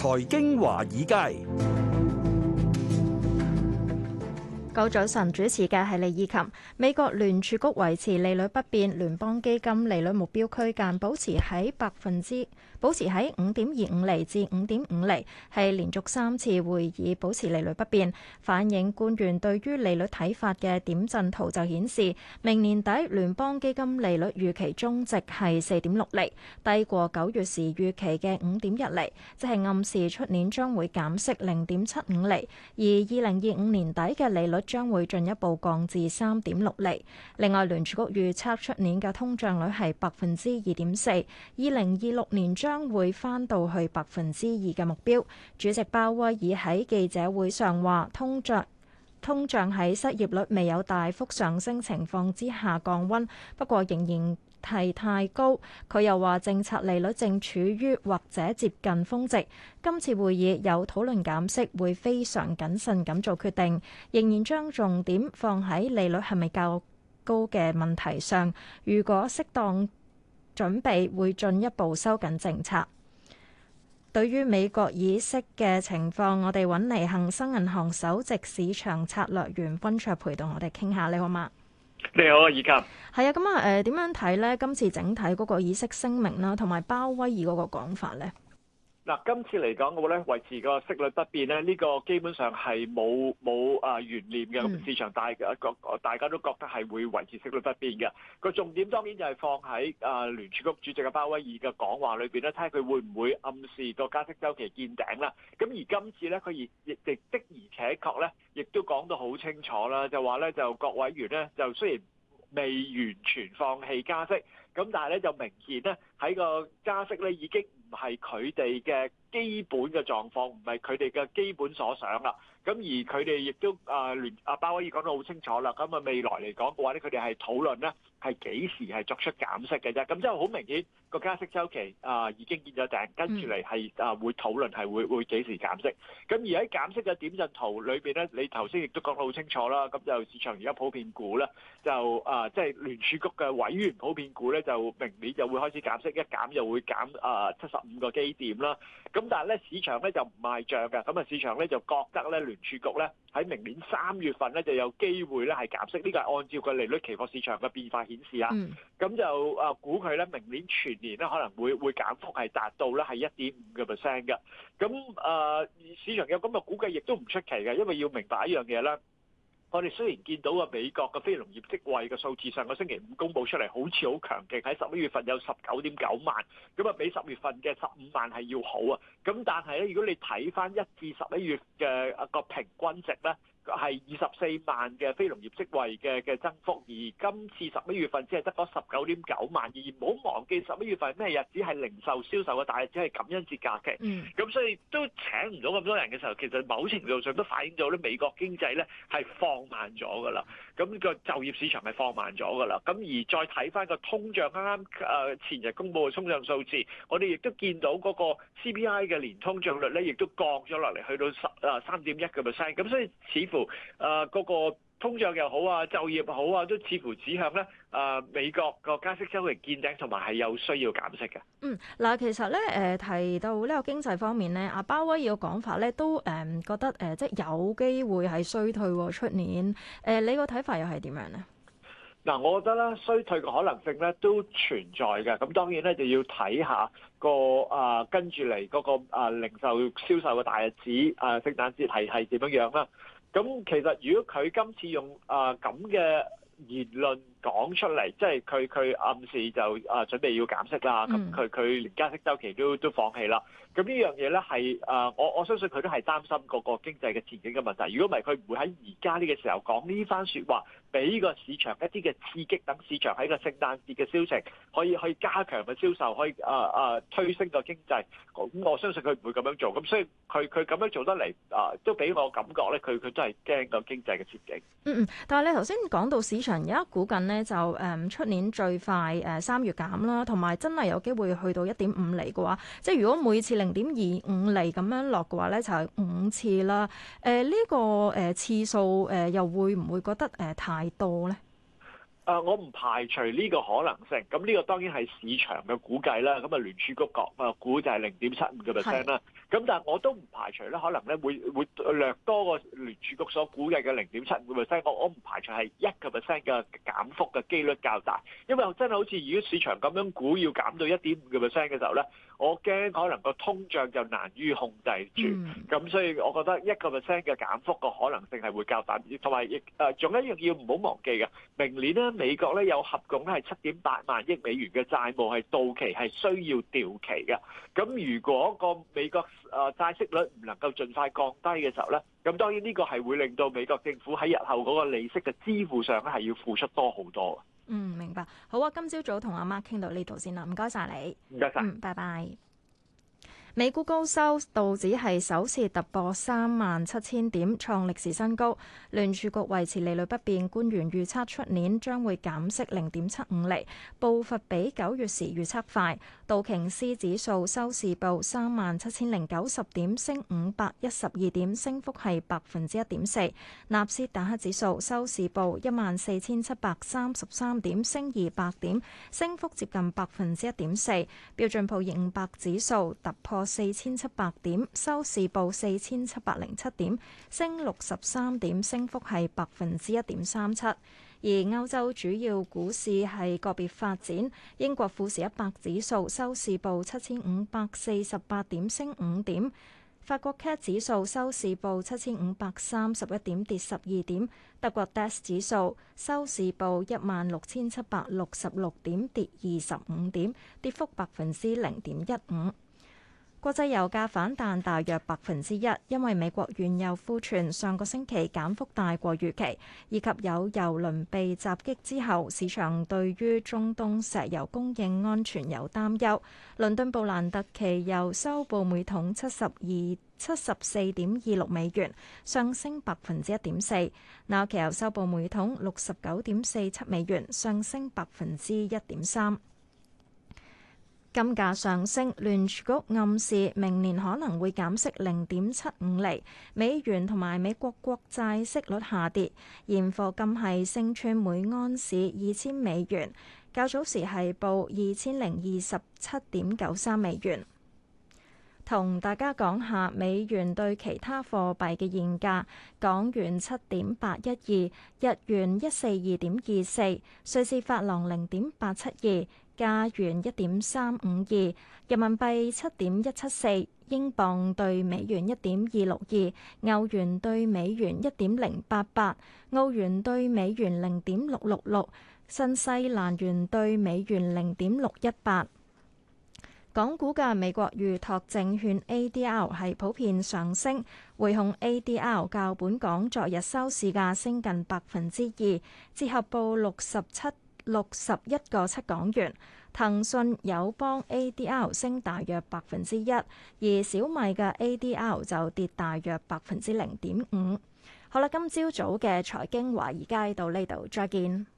財經：華爾街。今早晨主持嘅係李以琴。美國聯儲局維持利率不變，聯邦基金利率目標區間保持喺百分之，保持喺五點二五厘至五點五厘，係連續三次會議保持利率不變。反映官員對於利率睇法嘅點陣圖就顯示，明年底聯邦基金利率預期中值係四點六厘，低過九月時預期嘅五點一厘，即係、就是、暗示出年將會減息零點七五厘，而二零二五年底嘅利率。將會進一步降至三點六厘。另外，聯儲局預測出年嘅通脹率係百分之二點四，二零二六年將會返到去百分之二嘅目標。主席鮑威爾喺記者會上話：通脹通脹喺失業率未有大幅上升情況之下降溫，不過仍然，係太高，佢又話政策利率正處於或者接近峰值。今次會議有討論減息，會非常謹慎咁做決定，仍然將重點放喺利率係咪較高嘅問題上。如果適當準備，會進一步收緊政策。對於美國議息嘅情況，我哋揾嚟恒生銀行首席市場策略員溫灼培同我哋傾下，你好嗎？你好啊，以嘉。係啊，咁、呃、啊，誒，點樣睇咧？今次整體嗰個議息聲明啦、啊，同埋鮑威爾嗰個講法咧。嗱，今次嚟講嘅話咧，維持個息率不變咧，呢、這個基本上係冇冇啊懸念嘅。嗯、市場大啊，各大家都覺得係會維持息率不變嘅。個重點當然就係放喺啊聯儲局主席嘅鮑威爾嘅講話裏邊咧，睇下佢會唔會暗示個加息周期見頂啦。咁而今次咧，佢亦亦亦的而且確咧，亦都講得好清楚啦，就話咧就各委員咧就雖然未完全放棄加息，咁但係咧就明顯咧喺個加息咧已經。唔係佢哋嘅。基本嘅狀況唔係佢哋嘅基本所想啦，咁而佢哋亦都啊聯啊鮑威爾講得好清楚啦，咁啊未來嚟講嘅話咧，佢哋係討論咧係幾時係作出減息嘅啫，咁即係好明顯個加息周期啊已經見咗頂，跟住嚟係啊會討論係會會幾時減息，咁而喺減息嘅點陣圖裏邊咧，你頭先亦都講得好清楚啦，咁就市場而家普遍估咧就啊即係、就是、聯儲局嘅委員普遍估咧就明年就會開始減息，一減又會減啊七十五個基點啦。咁但係咧市場咧就唔賣帳嘅，咁啊市場咧就覺得咧聯儲局咧喺明年三月份咧就有機會咧係減息，呢個係按照個利率期貨市場嘅變化顯示啊。咁、嗯、就啊估佢咧明年全年咧可能會會減幅係達到咧係一點五個 percent 嘅。咁啊、呃、市場有咁嘅估計，亦都唔出奇嘅，因為要明白一樣嘢啦。我哋雖然見到個美國嘅非農業職位嘅數字上個星期五公佈出嚟，好似好強勁，喺十一月份有十九點九萬，咁啊比十月份嘅十五萬係要好啊，咁但係咧，如果你睇翻一至十一月嘅一個平均值咧？係二十四萬嘅非農業職位嘅嘅增幅，而今次十一月份只係得嗰十九點九萬，而唔好忘記十一月份咩日子係零售銷售嘅大日子，係感恩節假期。咁所以都請唔到咁多人嘅時候，其實某程度上都反映到咧美國經濟咧係放慢咗㗎啦，咁、呢個就業市場係放慢咗㗎啦，咁而再睇翻個通脹啱啱誒前日公佈嘅通脹數字，我哋亦都見到嗰個 CPI 嘅年通脹率咧，亦都降咗落嚟，去到十啊三點一個 percent，咁所以似乎。誒，嗰個通脹又好啊，就業好啊，都似乎指向咧誒，美國個加息週期見頂，同埋係有需要減息嘅。嗯，嗱，其實咧誒提到呢個經濟方面咧，阿鮑威爾嘅講法咧都誒覺得誒即係有機會係衰退喎，出年。誒，你個睇法又係點樣呢？嗱，我覺得咧衰退嘅可能性咧都存在嘅。咁當然咧就要睇下個誒跟住嚟嗰個誒零售銷售嘅大日子誒聖誕節係係點樣樣啦。咁其實，如果佢今次用呃咁嘅言論，講出嚟，即係佢佢暗示就啊準備要減息啦。咁佢佢連加息周期都都放棄啦。咁呢樣嘢咧係啊，我我相信佢都係擔心個個經濟嘅前景嘅問題。如果唔係，佢唔會喺而家呢個時候講呢番説話，俾個市場一啲嘅刺激，等市場喺個聖誕節嘅消息，可以去加強個銷售，可以啊啊、呃、推升個經濟。咁我，我相信佢唔會咁樣做。咁所以佢佢咁樣做得嚟啊、呃，都俾我感覺咧，佢佢都係驚個經濟嘅前景。嗯嗯，但係你頭先講到市場而家估緊咧。就誒，出年最快誒三月減啦，同埋真係有機會去到一點五厘嘅話，即係如果每次零點二五厘咁樣落嘅話咧，就係、係、五次啦。誒、呃、呢、呢個誒次數誒，又會唔會覺得誒太多咧？誒，我唔排除呢個可能性。咁呢個當然係市場嘅估計啦。咁啊聯儲局講啊估就係零點七五個 percent 啦。咁的但係我都唔排除咧，可能咧會會略多個聯儲局所估計嘅零點七五個 percent。我我唔排除係一個 percent 嘅減幅嘅機率較大。因為真係好似如果市場咁樣估要減到一點五個 percent 嘅時候咧，我驚可能個通脹就難於控制住。咁、嗯、所以我覺得一個 percent 嘅減幅個可能性係會較大。同埋亦誒，仲有一樣要唔好忘記嘅，明年咧。美國咧有合共咧係七點八萬億美元嘅債務係到期係需要調期嘅，咁如果個美國誒債息率唔能夠盡快降低嘅時候咧，咁當然呢個係會令到美國政府喺日後嗰個利息嘅支付上咧係要付出多好多。嗯，明白。好啊，今朝早同阿媽傾到呢度先啦，唔該晒你，唔該晒。拜拜。美股高收，道指係首次突破三萬七千點，創歷史新高。聯儲局維持利率不變，官員預測出年將會減息零點七五厘，步伐比九月時預測快。道瓊斯指數收市報三萬七千零九十點，升五百一十二點，升幅係百分之一點四。納斯達克指數收市報一萬四千七百三十三點，升二百點，升幅接近百分之一點四。標準普爾五百指數突破。四千七百點，收市報四千七百零七點，升六十三點，升幅係百分之一點三七。而歐洲主要股市係個別發展，英國富時一百指數收市報七千五百四十八點，升五點；法國 CAC 指數收市報七千五百三十一點，跌十二點；德國 DAX 指數收市報一萬六千七百六十六點，跌二十五點，跌幅百分之零點一五。國際油價反彈大約百分之一，因為美國原油庫存上個星期減幅大過預期，以及有油輪被襲擊之後，市場對於中東石油供應安全有擔憂。倫敦布蘭特期油收報每桶七十二、七十四點二六美元，上升百分之一點四。紐約期油收報每桶六十九點四七美元，上升百分之一點三。金價上升，聯儲局暗示明年可能會減息零點七五厘，美元同埋美國國債息率下跌，現貨金係升穿每安士二千美元，較早時係報二千零二十七點九三美元。同大家講下美元對其他貨幣嘅現價：港元七點八一二，日元一四二點二四，瑞士法郎零點八七二。加元一點三五二，人民幣七點一七四，英鎊兌美元一點二六二，歐元兌美元一點零八八，澳元兌美元零點六六六，新西蘭元兌美元零點六一八。港股嘅美國預託證券 ADR 係普遍上升，匯控 ADR 較本港昨日收市價升近百分之二，折合報六十七。六十一個七港元，騰訊、友邦 ADR 升大約百分之一，而小米嘅 ADR 就跌大約百分之零點五。好啦，今朝早嘅財經華爾街到呢度，再見。